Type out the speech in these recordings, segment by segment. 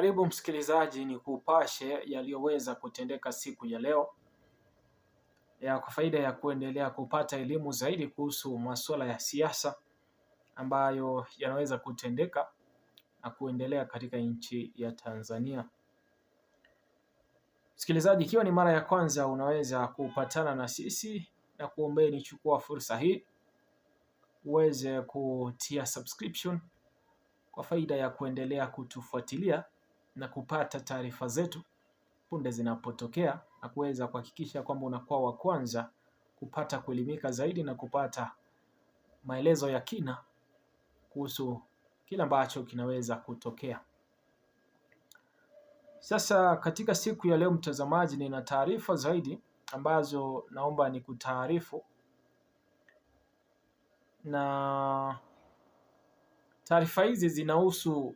Karibu msikilizaji, ni kupashe yaliyoweza kutendeka siku ya leo ya kwa faida ya kuendelea kupata elimu zaidi kuhusu masuala ya siasa ambayo yanaweza kutendeka na kuendelea katika nchi ya Tanzania. Msikilizaji, ikiwa ni mara ya kwanza unaweza kupatana na sisi na ni nichukua fursa hii uweze kutia subscription kwa faida ya kuendelea kutufuatilia na kupata taarifa zetu punde zinapotokea na kuweza kuhakikisha kwamba unakuwa wa kwanza kupata kuelimika zaidi na kupata maelezo ya kina kuhusu kila ambacho kinaweza kutokea. Sasa katika siku ya leo, mtazamaji, nina taarifa zaidi ambazo naomba ni kutaarifu na taarifa hizi zinahusu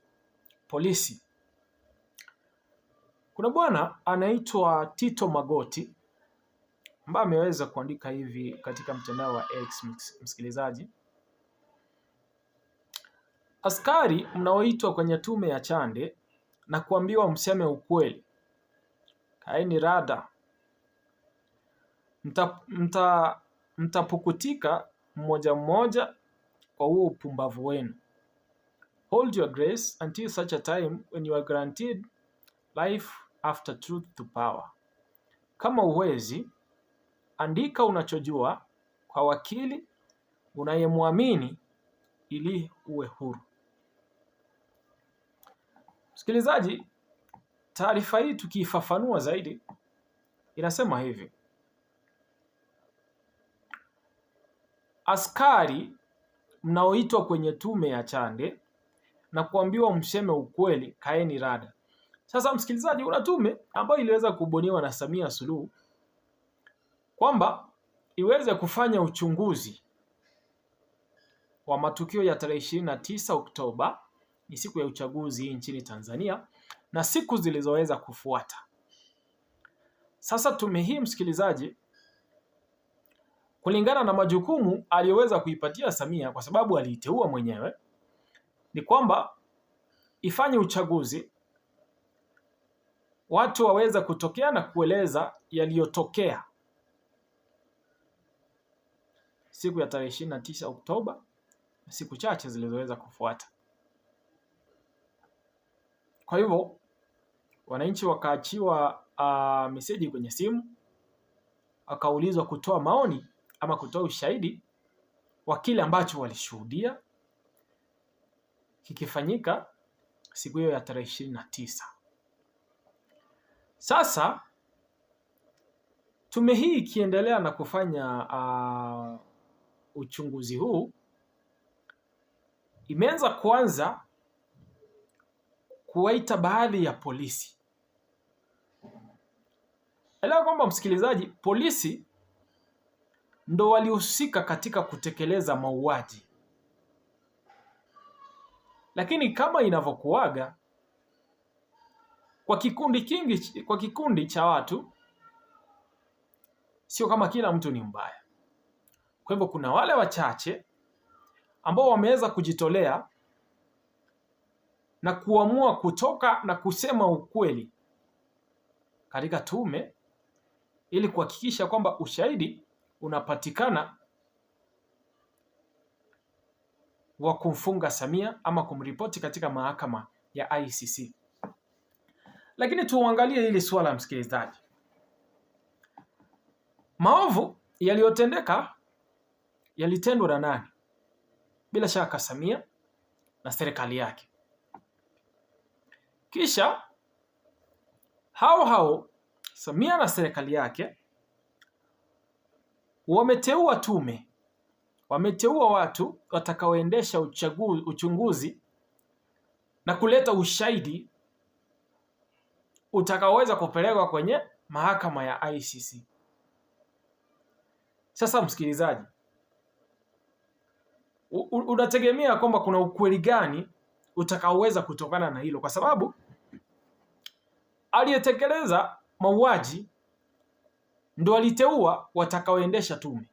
polisi kuna bwana anaitwa Tito Magoti ambaye ameweza kuandika hivi katika mtandao wa X, msikilizaji. Askari mnaoitwa kwenye tume ya Chande na kuambiwa mseme ukweli, kaeni rada, mtapukutika mta, mmoja mmoja kwa huo upumbavu wenu. Hold your grace until such a time when you are granted life after truth to power. Kama uwezi andika unachojua kwa wakili unayemwamini ili uwe huru. Msikilizaji, taarifa hii tukiifafanua zaidi inasema hivi: askari mnaoitwa kwenye tume ya Chande na kuambiwa mseme ukweli, kaeni rada. Sasa msikilizaji, kuna tume ambayo iliweza kubuniwa na Samia Suluhu kwamba iweze kufanya uchunguzi wa matukio ya tarehe ishirini na tisa Oktoba, ni siku ya uchaguzi nchini Tanzania na siku zilizoweza kufuata. Sasa tume hii msikilizaji, kulingana na majukumu aliyoweza kuipatia Samia, kwa sababu aliiteua mwenyewe, ni kwamba ifanye uchaguzi watu waweza kutokea na kueleza yaliyotokea siku ya tarehe ishirini na tisa Oktoba na siku chache zilizoweza kufuata. Kwa hivyo wananchi wakaachiwa uh, meseji kwenye simu, wakaulizwa kutoa maoni ama kutoa ushahidi wa kile ambacho walishuhudia kikifanyika siku hiyo ya tarehe ishirini na tisa. Sasa tume hii ikiendelea na kufanya uh, uchunguzi huu imeanza kwanza kuwaita baadhi ya polisi. Elewa kwamba msikilizaji, polisi ndo walihusika katika kutekeleza mauaji, lakini kama inavyokuaga kwa kikundi kingi, kwa kikundi cha watu, sio kama kila mtu ni mbaya. Kwa hivyo kuna wale wachache ambao wameweza kujitolea na kuamua kutoka na kusema ukweli katika tume ili kuhakikisha kwamba ushahidi unapatikana wa kumfunga Samia ama kumripoti katika mahakama ya ICC. Lakini tuangalie hili swala msikilizaji, maovu yaliyotendeka yalitendwa na nani? Bila shaka Samia na serikali yake. Kisha hao hao Samia na serikali yake wameteua tume, wameteua watu watakaoendesha uchunguzi na kuleta ushahidi utakaoweza kupelekwa kwenye mahakama ya ICC. Sasa msikilizaji, unategemea kwamba kuna ukweli gani utakaoweza kutokana na hilo, kwa sababu aliyetekeleza mauaji ndo aliteua watakaoendesha tume.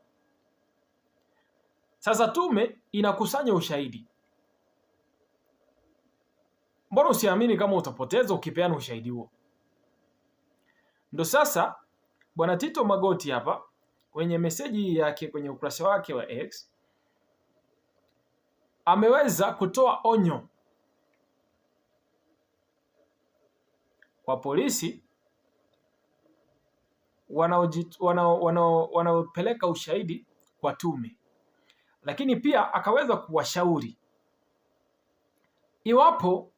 Sasa tume inakusanya ushahidi. Mbona usiamini kama utapoteza ukipeana ushahidi huo? Ndo sasa bwana Tito Magoti hapa kwenye meseji yake kwenye ukurasa wake wa X ameweza kutoa onyo kwa polisi wanaopeleka ushahidi kwa tume, lakini pia akaweza kuwashauri iwapo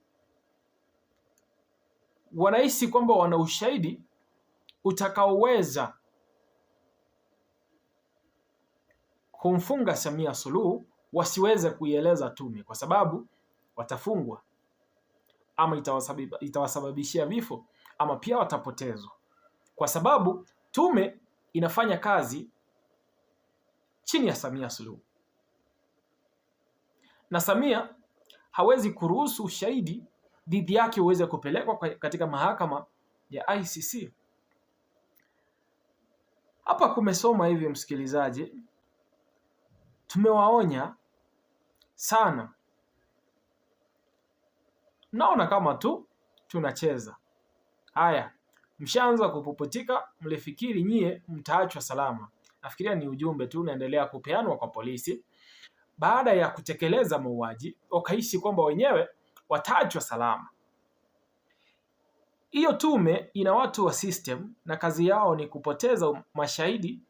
wanahisi kwamba wana ushahidi utakaoweza kumfunga Samia Suluhu wasiweze kuieleza tume, kwa sababu watafungwa ama itawasababishia vifo ama pia watapotezwa, kwa sababu tume inafanya kazi chini ya Samia Suluhu na Samia hawezi kuruhusu ushahidi dhidi yake uweze kupelekwa katika mahakama ya ICC. Hapa kumesoma hivi, msikilizaji, tumewaonya sana. Naona kama tu tunacheza. Haya, mshaanza kupuputika, mlifikiri nyie mtaachwa salama. Nafikiria ni ujumbe tu unaendelea kupeanwa kwa polisi baada ya kutekeleza mauaji, wakaishi kwamba wenyewe wataachwa salama. Hiyo tume ina watu wa system na kazi yao ni kupoteza mashahidi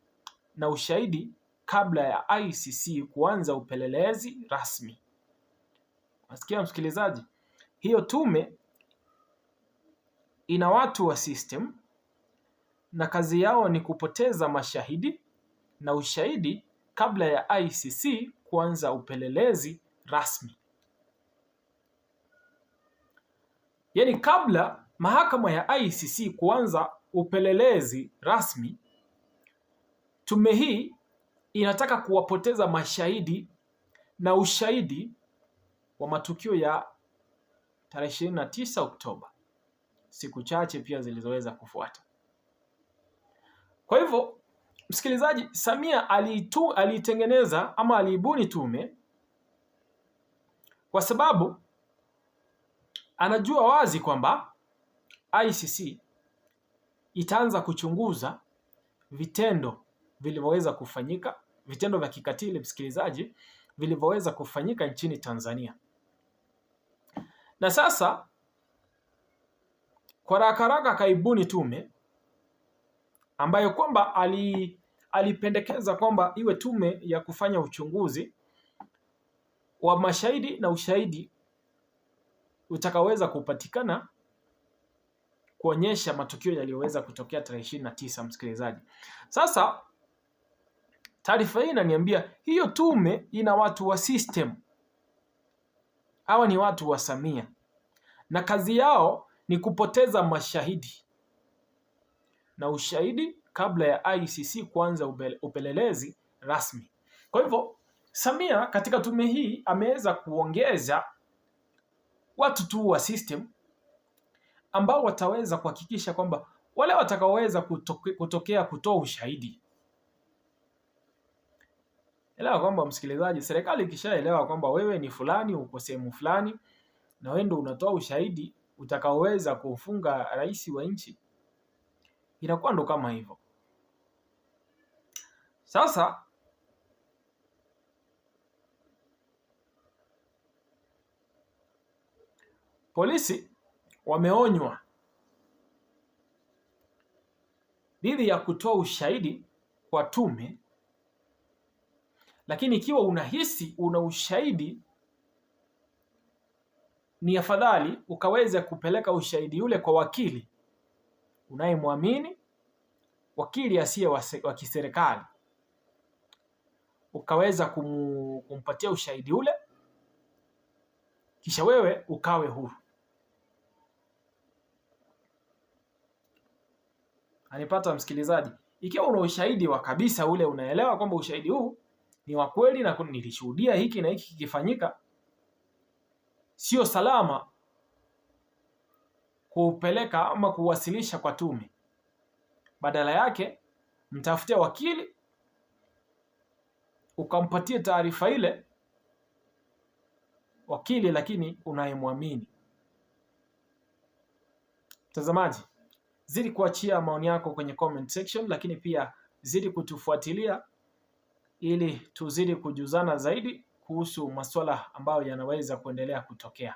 na ushahidi kabla ya ICC kuanza upelelezi rasmi. Nasikia msikilizaji, hiyo tume ina watu wa system na kazi yao ni kupoteza mashahidi na ushahidi kabla ya ICC kuanza upelelezi rasmi. Yaani kabla mahakama ya ICC kuanza upelelezi rasmi. Tume hii inataka kuwapoteza mashahidi na ushahidi wa matukio ya tarehe 29 Oktoba, siku chache pia zilizoweza kufuata. Kwa hivyo, msikilizaji, Samia alitu, aliitengeneza ama aliibuni tume kwa sababu anajua wazi kwamba ICC itaanza kuchunguza vitendo vilivyoweza kufanyika, vitendo vya kikatili msikilizaji, vilivyoweza kufanyika nchini Tanzania. Na sasa kwa rakaraka akaibuni tume ambayo kwamba ali alipendekeza kwamba iwe tume ya kufanya uchunguzi wa mashahidi na ushahidi utakaweza kupatikana kuonyesha matukio yaliyoweza kutokea tarehe ishirini na tisa msikilizaji. Sasa taarifa hii inaniambia hiyo tume ina watu wa system. Hawa ni watu wa Samia na kazi yao ni kupoteza mashahidi na ushahidi kabla ya ICC kuanza upelelezi rasmi. Kwa hivyo Samia katika tume hii ameweza kuongeza watu tu wa system ambao wataweza kuhakikisha kwamba wale watakaoweza kutoke, kutokea kutoa ushahidi. Elewa kwamba msikilizaji, serikali ikishaelewa kwamba wewe ni fulani, uko sehemu fulani na wewe ndio unatoa ushahidi utakaoweza kufunga rais wa nchi, inakuwa ndo kama hivyo. Sasa polisi wameonywa dhidi ya kutoa ushahidi kwa tume, lakini ikiwa unahisi una ushahidi, ni afadhali ukaweza kupeleka ushahidi ule kwa wakili unayemwamini, wakili asiye wa kiserikali, ukaweza kumpatia ushahidi ule, kisha wewe ukawe huru. anipata msikilizaji, ikiwa una ushahidi wa kabisa ule, unaelewa kwamba ushahidi huu ni wa kweli na nilishuhudia hiki na hiki kikifanyika, sio salama kuupeleka ama kuwasilisha kwa tume. Badala yake mtafutia wakili ukampatie taarifa ile wakili, lakini unayemwamini. Mtazamaji, zidi kuachia maoni yako kwenye comment section, lakini pia zidi kutufuatilia ili tuzidi kujuzana zaidi kuhusu masuala ambayo yanaweza kuendelea kutokea.